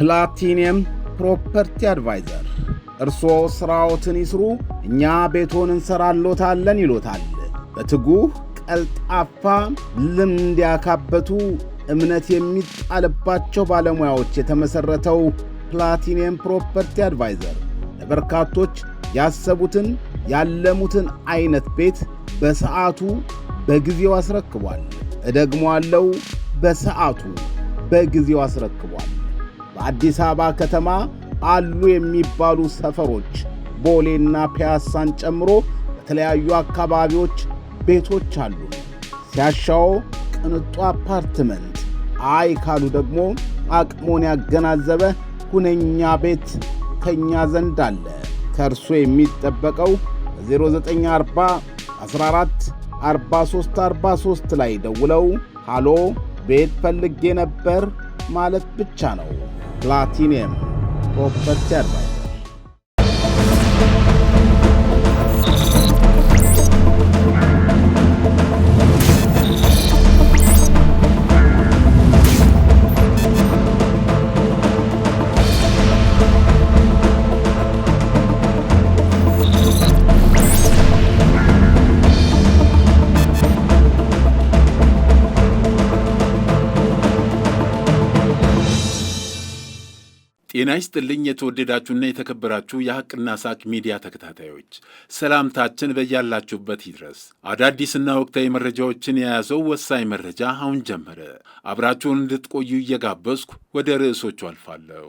ፕላቲኒየም ፕሮፐርቲ አድቫይዘር እርሶ ሥራዎትን ይስሩ፣ እኛ ቤቶን እንሰራሎታለን ይሎታል። በትጉህ ቀልጣፋ፣ ልምድ ያካበቱ፣ እምነት የሚጣልባቸው ባለሙያዎች የተመሠረተው ፕላቲኒየም ፕሮፐርቲ አድቫይዘር ለበርካቶች ያሰቡትን ያለሙትን አይነት ቤት በሰዓቱ በጊዜው አስረክቧል። እደግሞ አለው በሰዓቱ በጊዜው አስረክቧል። በአዲስ አበባ ከተማ አሉ የሚባሉ ሰፈሮች ቦሌና ፒያሳን ጨምሮ በተለያዩ አካባቢዎች ቤቶች አሉ። ሲያሻው ቅንጡ አፓርትመንት፣ አይ ካሉ ደግሞ አቅሞን ያገናዘበ ሁነኛ ቤት ከኛ ዘንድ አለ። ከእርሶ የሚጠበቀው 0940 14 43 43 ላይ ደውለው ሃሎ ቤት ፈልጌ ነበር ማለት ብቻ ነው። Platinum Proper Turbine ጤና ይስጥልኝ የተወደዳችሁና የተከበራችሁ የሐቅና ሳቅ ሚዲያ ተከታታዮች፣ ሰላምታችን በያላችሁበት ይድረስ። አዳዲስና ወቅታዊ መረጃዎችን የያዘው ወሳኝ መረጃ አሁን ጀመረ። አብራችሁን እንድትቆዩ እየጋበዝኩ ወደ ርዕሶቹ አልፋለሁ።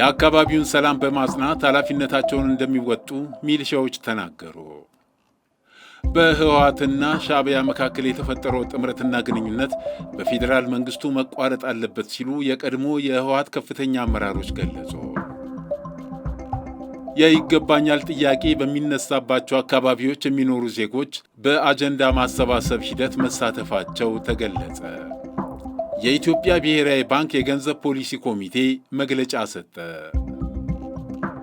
የአካባቢውን ሰላም በማጽናት ኃላፊነታቸውን እንደሚወጡ ሚሊሻዎች ተናገሩ። በህወሓትና ሻዕቢያ መካከል የተፈጠረው ጥምረትና ግንኙነት በፌዴራል መንግስቱ መቋረጥ አለበት ሲሉ የቀድሞ የህወሓት ከፍተኛ አመራሮች ገለጹ። የይገባኛል ጥያቄ በሚነሳባቸው አካባቢዎች የሚኖሩ ዜጎች በአጀንዳ ማሰባሰብ ሂደት መሳተፋቸው ተገለጸ። የኢትዮጵያ ብሔራዊ ባንክ የገንዘብ ፖሊሲ ኮሚቴ መግለጫ ሰጠ።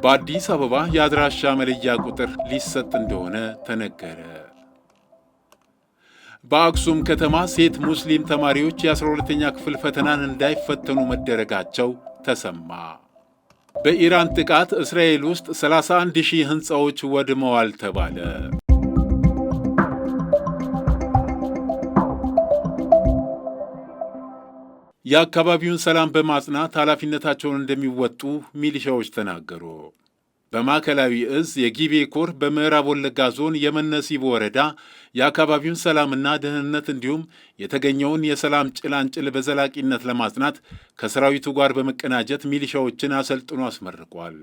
በአዲስ አበባ የአድራሻ መለያ ቁጥር ሊሰጥ እንደሆነ ተነገረ። በአክሱም ከተማ ሴት ሙስሊም ተማሪዎች የ12ኛ ክፍል ፈተናን እንዳይፈተኑ መደረጋቸው ተሰማ። በኢራን ጥቃት እስራኤል ውስጥ 31 ሺህ ሕንፃዎች ወድመዋል ተባለ። የአካባቢውን ሰላም በማጽናት ኃላፊነታቸውን እንደሚወጡ ሚሊሻዎች ተናገሩ። በማዕከላዊ እዝ የጊቤ ኮር በምዕራብ ወለጋ ዞን የመነሲቦ ወረዳ የአካባቢውን ሰላምና ደህንነት እንዲሁም የተገኘውን የሰላም ጭላንጭል በዘላቂነት ለማጽናት ከሰራዊቱ ጋር በመቀናጀት ሚሊሻዎችን አሰልጥኖ አስመርቋል።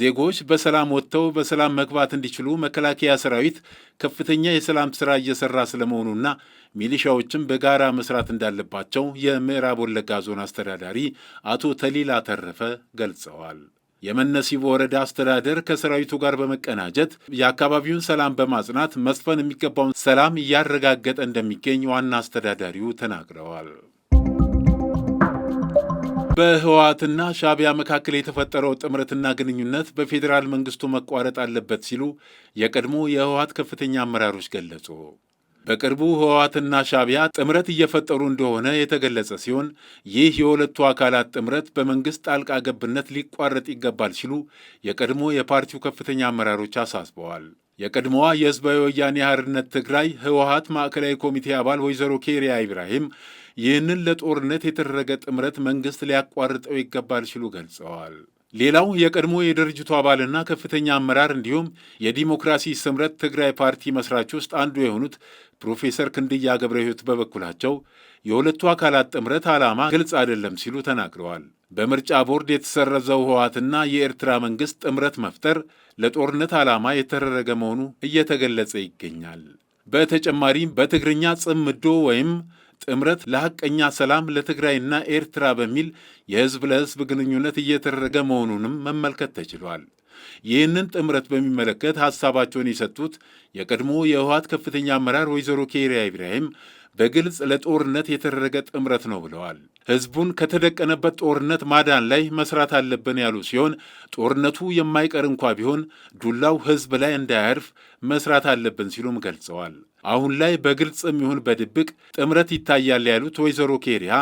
ዜጎች በሰላም ወጥተው በሰላም መግባት እንዲችሉ መከላከያ ሰራዊት ከፍተኛ የሰላም ሥራ እየሠራ ስለመሆኑና ሚሊሻዎችም በጋራ መስራት እንዳለባቸው የምዕራብ ወለጋ ዞን አስተዳዳሪ አቶ ተሊላ ተረፈ ገልጸዋል። የመነሲቦ ወረዳ አስተዳደር ከሰራዊቱ ጋር በመቀናጀት የአካባቢውን ሰላም በማጽናት መስፈን የሚገባውን ሰላም እያረጋገጠ እንደሚገኝ ዋና አስተዳዳሪው ተናግረዋል። በህወሓትና ሻቢያ መካከል የተፈጠረው ጥምረትና ግንኙነት በፌዴራል መንግስቱ መቋረጥ አለበት ሲሉ የቀድሞ የህወሓት ከፍተኛ አመራሮች ገለጹ። በቅርቡ ህወሓትና ሻቢያ ጥምረት እየፈጠሩ እንደሆነ የተገለጸ ሲሆን ይህ የሁለቱ አካላት ጥምረት በመንግሥት ጣልቃ ገብነት ሊቋረጥ ይገባል ሲሉ የቀድሞ የፓርቲው ከፍተኛ አመራሮች አሳስበዋል። የቀድሞዋ የህዝባዊ ወያኔ ሓርነት ትግራይ ህወሓት ማዕከላዊ ኮሚቴ አባል ወይዘሮ ኬሪያ ኢብራሂም ይህንን ለጦርነት የተደረገ ጥምረት መንግሥት ሊያቋርጠው ይገባል ሲሉ ገልጸዋል። ሌላው የቀድሞ የድርጅቱ አባልና ከፍተኛ አመራር እንዲሁም የዲሞክራሲ ስምረት ትግራይ ፓርቲ መስራች ውስጥ አንዱ የሆኑት ፕሮፌሰር ክንድያ ገብረ ሕይወት በበኩላቸው የሁለቱ አካላት ጥምረት ዓላማ ግልጽ አይደለም ሲሉ ተናግረዋል። በምርጫ ቦርድ የተሰረዘው ህወሓትና የኤርትራ መንግሥት ጥምረት መፍጠር ለጦርነት ዓላማ የተደረገ መሆኑ እየተገለጸ ይገኛል። በተጨማሪም በትግርኛ ጽምዶ ወይም ጥምረት ለሐቀኛ ሰላም ለትግራይና ኤርትራ በሚል የህዝብ ለሕዝብ ግንኙነት እየተደረገ መሆኑንም መመልከት ተችሏል። ይህንን ጥምረት በሚመለከት ሐሳባቸውን የሰጡት የቀድሞ የህወሀት ከፍተኛ አመራር ወይዘሮ ኬሪያ ኢብራሂም በግልጽ ለጦርነት የተደረገ ጥምረት ነው ብለዋል። ህዝቡን ከተደቀነበት ጦርነት ማዳን ላይ መስራት አለብን ያሉ ሲሆን ጦርነቱ የማይቀር እንኳ ቢሆን ዱላው ህዝብ ላይ እንዳያርፍ መስራት አለብን ሲሉም ገልጸዋል። አሁን ላይ በግልጽም ይሁን በድብቅ ጥምረት ይታያል ያሉት ወይዘሮ ኬሪያ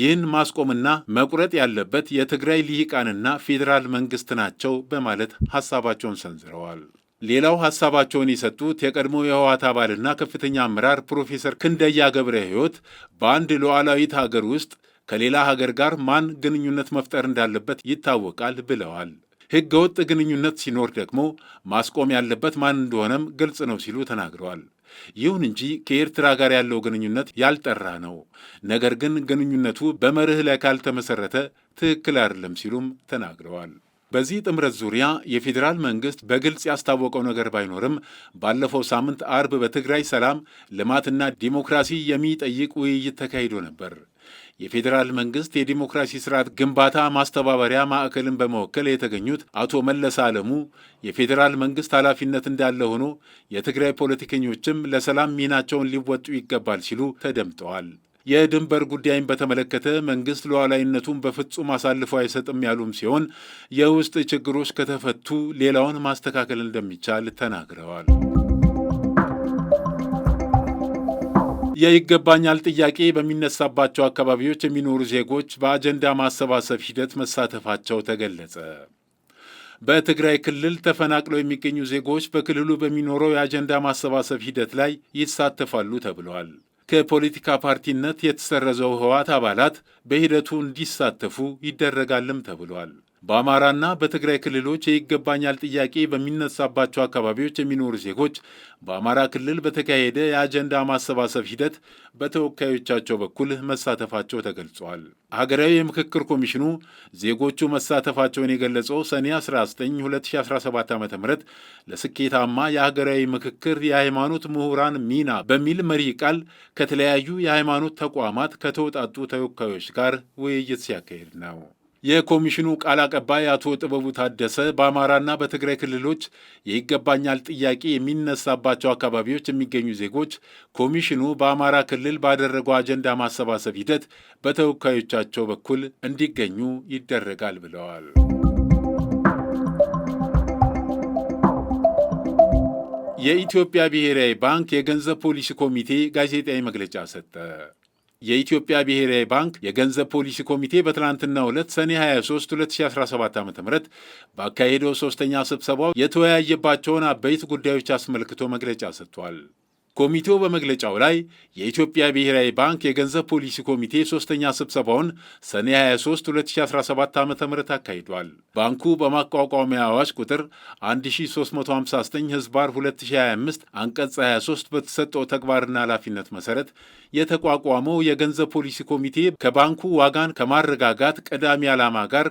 ይህን ማስቆምና መቁረጥ ያለበት የትግራይ ልሂቃንና ፌዴራል መንግስት ናቸው በማለት ሀሳባቸውን ሰንዝረዋል። ሌላው ሀሳባቸውን የሰጡት የቀድሞ የህወሓት አባልና ከፍተኛ አመራር ፕሮፌሰር ክንደያ ገብረ ሕይወት በአንድ ሉዓላዊት ሀገር ውስጥ ከሌላ ሀገር ጋር ማን ግንኙነት መፍጠር እንዳለበት ይታወቃል ብለዋል። ሕገ ወጥ ግንኙነት ሲኖር ደግሞ ማስቆም ያለበት ማን እንደሆነም ግልጽ ነው ሲሉ ተናግረዋል። ይሁን እንጂ ከኤርትራ ጋር ያለው ግንኙነት ያልጠራ ነው። ነገር ግን ግንኙነቱ በመርህ ላይ ካልተመሰረተ ትክክል አይደለም ሲሉም ተናግረዋል። በዚህ ጥምረት ዙሪያ የፌዴራል መንግስት በግልጽ ያስታወቀው ነገር ባይኖርም ባለፈው ሳምንት አርብ በትግራይ ሰላም ልማትና ዲሞክራሲ የሚጠይቅ ውይይት ተካሂዶ ነበር። የፌዴራል መንግስት የዲሞክራሲ ስርዓት ግንባታ ማስተባበሪያ ማዕከልን በመወከል የተገኙት አቶ መለስ አለሙ የፌዴራል መንግስት ኃላፊነት እንዳለ ሆኖ የትግራይ ፖለቲከኞችም ለሰላም ሚናቸውን ሊወጡ ይገባል ሲሉ ተደምጠዋል። የድንበር ጉዳይን በተመለከተ መንግስት ሉዓላዊነቱን በፍጹም አሳልፎ አይሰጥም ያሉም ሲሆን የውስጥ ችግሮች ከተፈቱ ሌላውን ማስተካከል እንደሚቻል ተናግረዋል። የይገባኛል ጥያቄ በሚነሳባቸው አካባቢዎች የሚኖሩ ዜጎች በአጀንዳ ማሰባሰብ ሂደት መሳተፋቸው ተገለጸ። በትግራይ ክልል ተፈናቅለው የሚገኙ ዜጎች በክልሉ በሚኖረው የአጀንዳ ማሰባሰብ ሂደት ላይ ይሳተፋሉ ተብለዋል። ከፖለቲካ ፓርቲነት የተሰረዘው ህወሓት አባላት በሂደቱ እንዲሳተፉ ይደረጋልም ተብሏል። በአማራና በትግራይ ክልሎች የይገባኛል ጥያቄ በሚነሳባቸው አካባቢዎች የሚኖሩ ዜጎች በአማራ ክልል በተካሄደ የአጀንዳ ማሰባሰብ ሂደት በተወካዮቻቸው በኩል መሳተፋቸው ተገልጿል። ሀገራዊ የምክክር ኮሚሽኑ ዜጎቹ መሳተፋቸውን የገለጸው ሰኔ 19 2017 ዓ ም ለስኬታማ የሀገራዊ ምክክር የሃይማኖት ምሁራን ሚና በሚል መሪ ቃል ከተለያዩ የሃይማኖት ተቋማት ከተውጣጡ ተወካዮች ጋር ውይይት ሲያካሄድ ነው። የኮሚሽኑ ቃል አቀባይ አቶ ጥበቡ ታደሰ በአማራና በትግራይ ክልሎች የይገባኛል ጥያቄ የሚነሳባቸው አካባቢዎች የሚገኙ ዜጎች ኮሚሽኑ በአማራ ክልል ባደረገው አጀንዳ ማሰባሰብ ሂደት በተወካዮቻቸው በኩል እንዲገኙ ይደረጋል ብለዋል። የኢትዮጵያ ብሔራዊ ባንክ የገንዘብ ፖሊሲ ኮሚቴ ጋዜጣዊ መግለጫ ሰጠ። የኢትዮጵያ ብሔራዊ ባንክ የገንዘብ ፖሊሲ ኮሚቴ በትናንትናው ዕለት ሰኔ 23 2017 ዓ ም ባካሄደው ሶስተኛ ስብሰባው የተወያየባቸውን አበይት ጉዳዮች አስመልክቶ መግለጫ ሰጥቷል። ኮሚቴው በመግለጫው ላይ የኢትዮጵያ ብሔራዊ ባንክ የገንዘብ ፖሊሲ ኮሚቴ ሶስተኛ ስብሰባውን ሰኔ 23 2017 ዓ ም አካሂዷል። ባንኩ በማቋቋሚያ አዋጅ ቁጥር 1359 ህዝባር 2025 አንቀጽ 23 በተሰጠው ተግባርና ኃላፊነት መሠረት የተቋቋመው የገንዘብ ፖሊሲ ኮሚቴ ከባንኩ ዋጋን ከማረጋጋት ቀዳሚ ዓላማ ጋር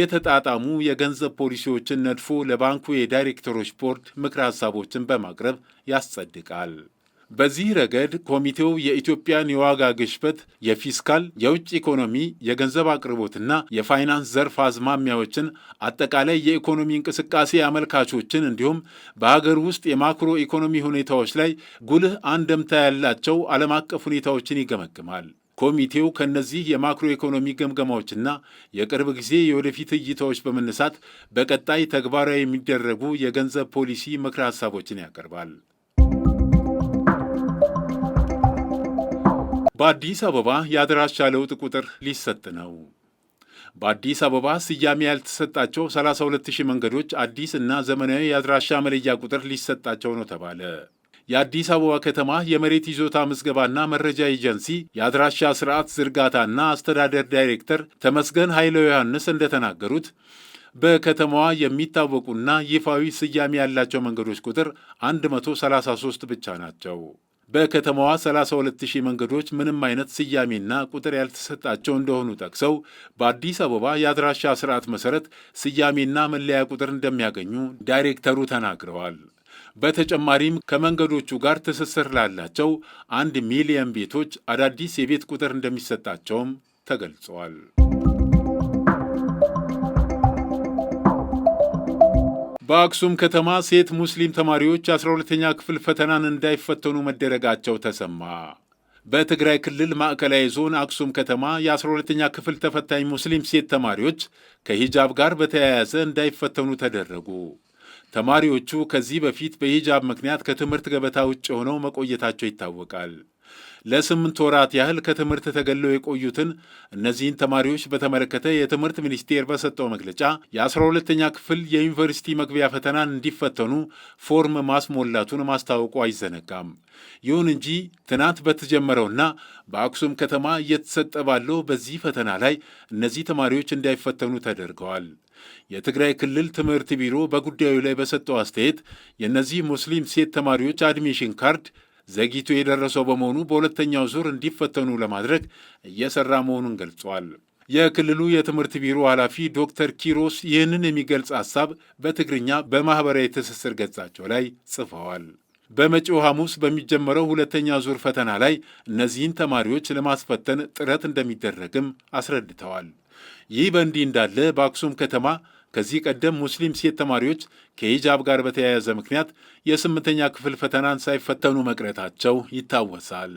የተጣጣሙ የገንዘብ ፖሊሲዎችን ነድፎ ለባንኩ የዳይሬክተሮች ቦርድ ምክረ ሀሳቦችን በማቅረብ ያስጸድቃል። በዚህ ረገድ ኮሚቴው የኢትዮጵያን የዋጋ ግሽበት፣ የፊስካል፣ የውጭ ኢኮኖሚ፣ የገንዘብ አቅርቦትና የፋይናንስ ዘርፍ አዝማሚያዎችን፣ አጠቃላይ የኢኮኖሚ እንቅስቃሴ አመልካቾችን እንዲሁም በሀገር ውስጥ የማክሮ ኢኮኖሚ ሁኔታዎች ላይ ጉልህ አንደምታ ያላቸው ዓለም አቀፍ ሁኔታዎችን ይገመግማል። ኮሚቴው ከእነዚህ የማክሮ ኢኮኖሚ ገምገማዎችና የቅርብ ጊዜ የወደፊት እይታዎች በመነሳት በቀጣይ ተግባራዊ የሚደረጉ የገንዘብ ፖሊሲ ምክረ ሀሳቦችን ያቀርባል። በአዲስ አበባ የአድራሻ ለውጥ ቁጥር ሊሰጥ ነው። በአዲስ አበባ ስያሜ ያልተሰጣቸው 32000 መንገዶች አዲስ እና ዘመናዊ የአድራሻ መለያ ቁጥር ሊሰጣቸው ነው ተባለ። የአዲስ አበባ ከተማ የመሬት ይዞታ ምዝገባና መረጃ ኤጀንሲ የአድራሻ ስርዓት ዝርጋታና አስተዳደር ዳይሬክተር ተመስገን ኃይለ ዮሐንስ እንደተናገሩት በከተማዋ የሚታወቁና ይፋዊ ስያሜ ያላቸው መንገዶች ቁጥር 133 ብቻ ናቸው። በከተማዋ 32000 መንገዶች ምንም አይነት ስያሜና ቁጥር ያልተሰጣቸው እንደሆኑ ጠቅሰው በአዲስ አበባ የአድራሻ ስርዓት መሰረት ስያሜና መለያ ቁጥር እንደሚያገኙ ዳይሬክተሩ ተናግረዋል። በተጨማሪም ከመንገዶቹ ጋር ትስስር ላላቸው አንድ ሚሊየን ቤቶች አዳዲስ የቤት ቁጥር እንደሚሰጣቸውም ተገልጸዋል። በአክሱም ከተማ ሴት ሙስሊም ተማሪዎች 12ኛ ክፍል ፈተናን እንዳይፈተኑ መደረጋቸው ተሰማ። በትግራይ ክልል ማዕከላዊ ዞን አክሱም ከተማ የ12ኛ ክፍል ተፈታኝ ሙስሊም ሴት ተማሪዎች ከሂጃብ ጋር በተያያዘ እንዳይፈተኑ ተደረጉ። ተማሪዎቹ ከዚህ በፊት በሂጃብ ምክንያት ከትምህርት ገበታ ውጭ ሆነው መቆየታቸው ይታወቃል። ለስምንት ወራት ያህል ከትምህርት ተገለው የቆዩትን እነዚህን ተማሪዎች በተመለከተ የትምህርት ሚኒስቴር በሰጠው መግለጫ የ 12 ለተኛ ክፍል የዩኒቨርሲቲ መግቢያ ፈተናን እንዲፈተኑ ፎርም ማስሞላቱን ማስታወቁ አይዘነጋም። ይሁን እንጂ ትናንት በተጀመረውና በአክሱም ከተማ እየተሰጠ ባለው በዚህ ፈተና ላይ እነዚህ ተማሪዎች እንዳይፈተኑ ተደርገዋል። የትግራይ ክልል ትምህርት ቢሮ በጉዳዩ ላይ በሰጠው አስተያየት የእነዚህ ሙስሊም ሴት ተማሪዎች አድሚሽን ካርድ ዘግይቶ የደረሰው በመሆኑ በሁለተኛው ዙር እንዲፈተኑ ለማድረግ እየሰራ መሆኑን ገልጿል። የክልሉ የትምህርት ቢሮ ኃላፊ ዶክተር ኪሮስ ይህንን የሚገልጽ ሐሳብ በትግርኛ በማኅበራዊ ትስስር ገጻቸው ላይ ጽፈዋል። በመጪው ሐሙስ በሚጀመረው ሁለተኛ ዙር ፈተና ላይ እነዚህን ተማሪዎች ለማስፈተን ጥረት እንደሚደረግም አስረድተዋል። ይህ በእንዲህ እንዳለ በአክሱም ከተማ ከዚህ ቀደም ሙስሊም ሴት ተማሪዎች ከሂጃብ ጋር በተያያዘ ምክንያት የስምንተኛ ክፍል ፈተናን ሳይፈተኑ መቅረታቸው ይታወሳል።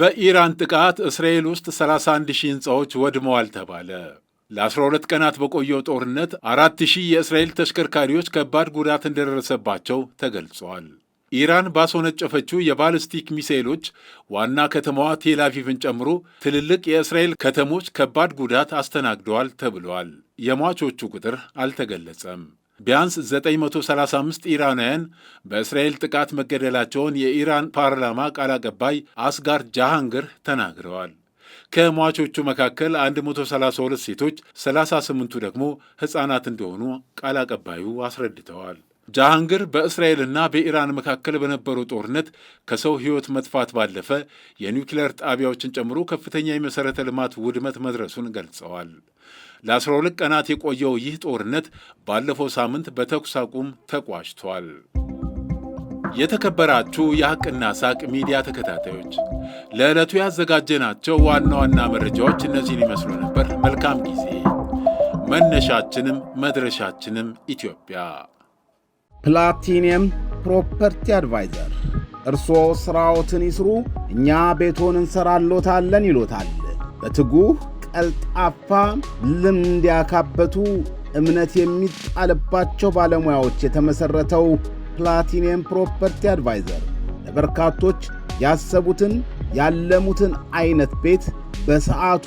በኢራን ጥቃት እስራኤል ውስጥ 31 ሺህ ሕንፃዎች ወድመዋል ተባለ። ለ12 ቀናት በቆየው ጦርነት 4 ሺህ የእስራኤል ተሽከርካሪዎች ከባድ ጉዳት እንደደረሰባቸው ተገልጿል። ኢራን ባስወነጨፈችው የባልስቲክ ሚሳይሎች ዋና ከተማዋ ቴላቪቭን ጨምሮ ትልልቅ የእስራኤል ከተሞች ከባድ ጉዳት አስተናግደዋል ተብሏል። የሟቾቹ ቁጥር አልተገለጸም። ቢያንስ 935 ኢራናውያን በእስራኤል ጥቃት መገደላቸውን የኢራን ፓርላማ ቃል አቀባይ አስጋር ጃሃንግር ተናግረዋል። ከሟቾቹ መካከል 132 ሴቶች፣ 38ቱ ደግሞ ሕፃናት እንደሆኑ ቃል አቀባዩ አስረድተዋል። ጃሃንግር በእስራኤልና በኢራን መካከል በነበሩ ጦርነት ከሰው ሕይወት መጥፋት ባለፈ የኒውክሌር ጣቢያዎችን ጨምሮ ከፍተኛ የመሠረተ ልማት ውድመት መድረሱን ገልጸዋል። ለ12 ቀናት የቆየው ይህ ጦርነት ባለፈው ሳምንት በተኩስ አቁም ተቋጭቷል። የተከበራችሁ የሐቅና ሳቅ ሚዲያ ተከታታዮች ለዕለቱ ያዘጋጀናቸው ዋና ዋና መረጃዎች እነዚህን ይመስሉ ነበር። መልካም ጊዜ። መነሻችንም መድረሻችንም ኢትዮጵያ። ፕላቲኒየም ፕሮፐርቲ አድቫይዘር እርስዎ ሥራዎትን ይስሩ፣ እኛ ቤቶን እንሰራሎታለን ይሎታል። በትጉህ ቀልጣፋ፣ ልምድ ያካበቱ፣ እምነት የሚጣልባቸው ባለሙያዎች የተመሠረተው ፕላቲኒየም ፕሮፐርቲ አድቫይዘር ለበርካቶች ያሰቡትን ያለሙትን አይነት ቤት በሰዓቱ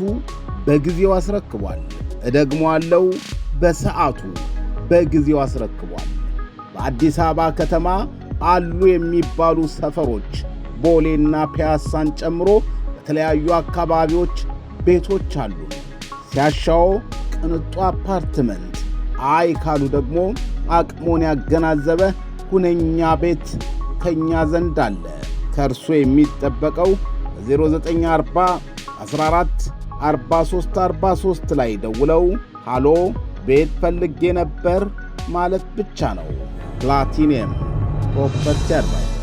በጊዜው አስረክቧል። እደግሞ አለው በሰዓቱ በጊዜው አስረክቧል። በአዲስ አበባ ከተማ አሉ የሚባሉ ሰፈሮች ቦሌና ፒያሳን ጨምሮ በተለያዩ አካባቢዎች ቤቶች አሉ። ሲያሻው ቅንጡ አፓርትመንት፣ አይ ካሉ ደግሞ አቅሞን ያገናዘበ ሁነኛ ቤት ከኛ ዘንድ አለ። ከእርሶ የሚጠበቀው በ0940 14 ላይ ደውለው ሃሎ ቤት ፈልጌ ነበር ማለት ብቻ ነው። platinum of કચ્છરભાઈ